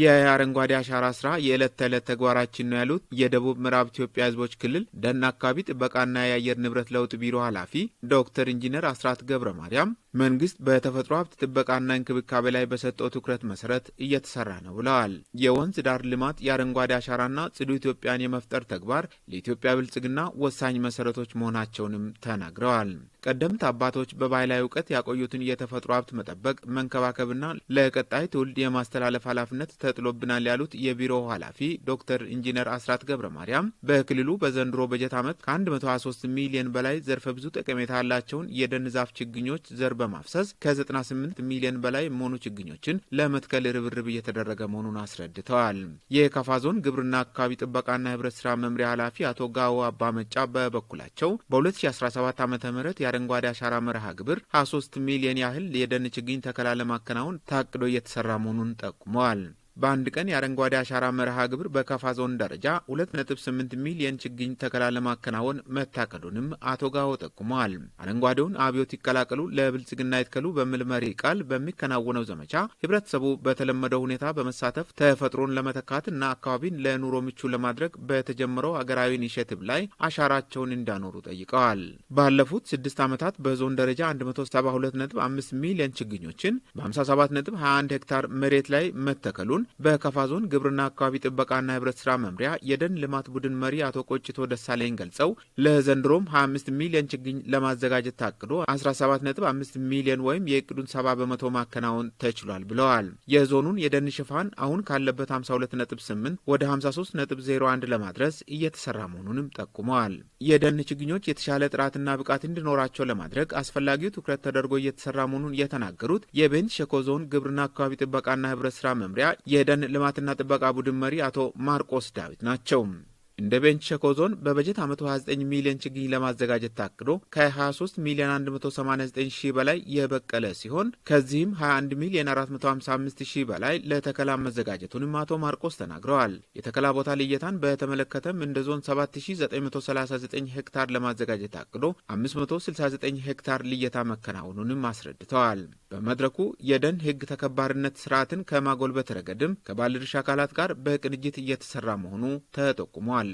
የአረንጓዴ አሻራ ስራ የዕለት ተዕለት ተግባራችን ነው ያሉት የደቡብ ምዕራብ ኢትዮጵያ ህዝቦች ክልል ደን አካባቢ ጥበቃና የአየር ንብረት ለውጥ ቢሮ ኃላፊ ዶክተር ኢንጂነር አስራት ገብረ ማርያም መንግስት በተፈጥሮ ሀብት ጥበቃና እንክብካቤ ላይ በሰጠው ትኩረት መሰረት እየተሰራ ነው ብለዋል። የወንዝ ዳር ልማት የአረንጓዴ አሻራና ጽዱ ኢትዮጵያን የመፍጠር ተግባር ለኢትዮጵያ ብልጽግና ወሳኝ መሰረቶች መሆናቸውንም ተናግረዋል። ቀደምት አባቶች በባህላዊ እውቀት ያቆዩትን የተፈጥሮ ሀብት መጠበቅ መንከባከብና ለቀጣይ ትውልድ የማስተላለፍ ኃላፊነት ተጥሎብናል ያሉት የቢሮው ኃላፊ ዶክተር ኢንጂነር አስራት ገብረ ማርያም በክልሉ በዘንድሮ በጀት ዓመት ከ123 ሚሊዮን በላይ ዘርፈ ብዙ ጠቀሜታ ያላቸውን የደን ዛፍ ችግኞች ዘር በማፍሰስ ከ98 ሚሊዮን በላይ መሆኑ ችግኞችን ለመትከል ርብርብ እየተደረገ መሆኑን አስረድተዋል። የካፋ ዞን ግብርና አካባቢ ጥበቃና ህብረት ስራ መምሪያ ኃላፊ አቶ ጋው አባመጫ በበኩላቸው በ2017 ዓ ም የአረንጓዴ አሻራ መርሃ ግብር 23 ሚሊዮን ያህል የደን ችግኝ ተከላ ለማከናወን ታቅዶ እየተሰራ መሆኑን ጠቁመዋል። በአንድ ቀን የአረንጓዴ አሻራ መርሃ ግብር በካፋ ዞን ደረጃ 2.8 ሚሊየን ችግኝ ተከላ ለማከናወን መታቀዱንም አቶ ጋሆ ጠቁመዋል። አረንጓዴውን አብዮት ይቀላቀሉ ለብልጽግና ይትከሉ በሚል መሪ ቃል በሚከናወነው ዘመቻ ህብረተሰቡ በተለመደው ሁኔታ በመሳተፍ ተፈጥሮን ለመተካት እና አካባቢን ለኑሮ ምቹ ለማድረግ በተጀመረው ሀገራዊ ኢኒሼቲቭ ላይ አሻራቸውን እንዳኖሩ ጠይቀዋል። ባለፉት ስድስት ዓመታት በዞን ደረጃ 172.5 ሚሊየን ችግኞችን በ57.21 ሄክታር መሬት ላይ መተከሉን መሆኑን በከፋ ዞን ግብርና አካባቢ ጥበቃና ህብረት ስራ መምሪያ የደን ልማት ቡድን መሪ አቶ ቆጭቶ ደሳለኝ ገልጸው ለዘንድሮም 25 ሚሊዮን ችግኝ ለማዘጋጀት ታቅዶ 17.5 ሚሊዮን ወይም የእቅዱን 70 በመቶ ማከናወን ተችሏል ብለዋል። የዞኑን የደን ሽፋን አሁን ካለበት 52.8 ወደ 53.01 ለማድረስ እየተሰራ መሆኑንም ጠቁመዋል። የደን ችግኞች የተሻለ ጥራትና ብቃት እንዲኖራቸው ለማድረግ አስፈላጊው ትኩረት ተደርጎ እየተሰራ መሆኑን የተናገሩት የቤንች ሸኮ ዞን ግብርና አካባቢ ጥበቃና ህብረት ስራ መምሪያ የደን ልማትና ጥበቃ ቡድን መሪ አቶ ማርቆስ ዳዊት ናቸው። እንደ ቤንች ሸኮ ዞን በበጀት ዓመቱ 29 ሚሊዮን ችግኝ ለማዘጋጀት ታቅዶ ከ23 ሚሊዮን 189 ሺህ በላይ የበቀለ ሲሆን ከዚህም 21 ሚሊዮን 455 ሺህ በላይ ለተከላ መዘጋጀቱንም አቶ ማርቆስ ተናግረዋል። የተከላ ቦታ ልየታን በተመለከተም እንደ ዞን 7939 ሄክታር ለማዘጋጀት ታቅዶ 569 ሄክታር ልየታ መከናወኑንም አስረድተዋል። በመድረኩ የደን ህግ ተከባሪነት ስርዓትን ከማጎልበት ረገድም ከባለድርሻ አካላት ጋር በቅንጅት እየተሰራ መሆኑ ተጠቁሟል።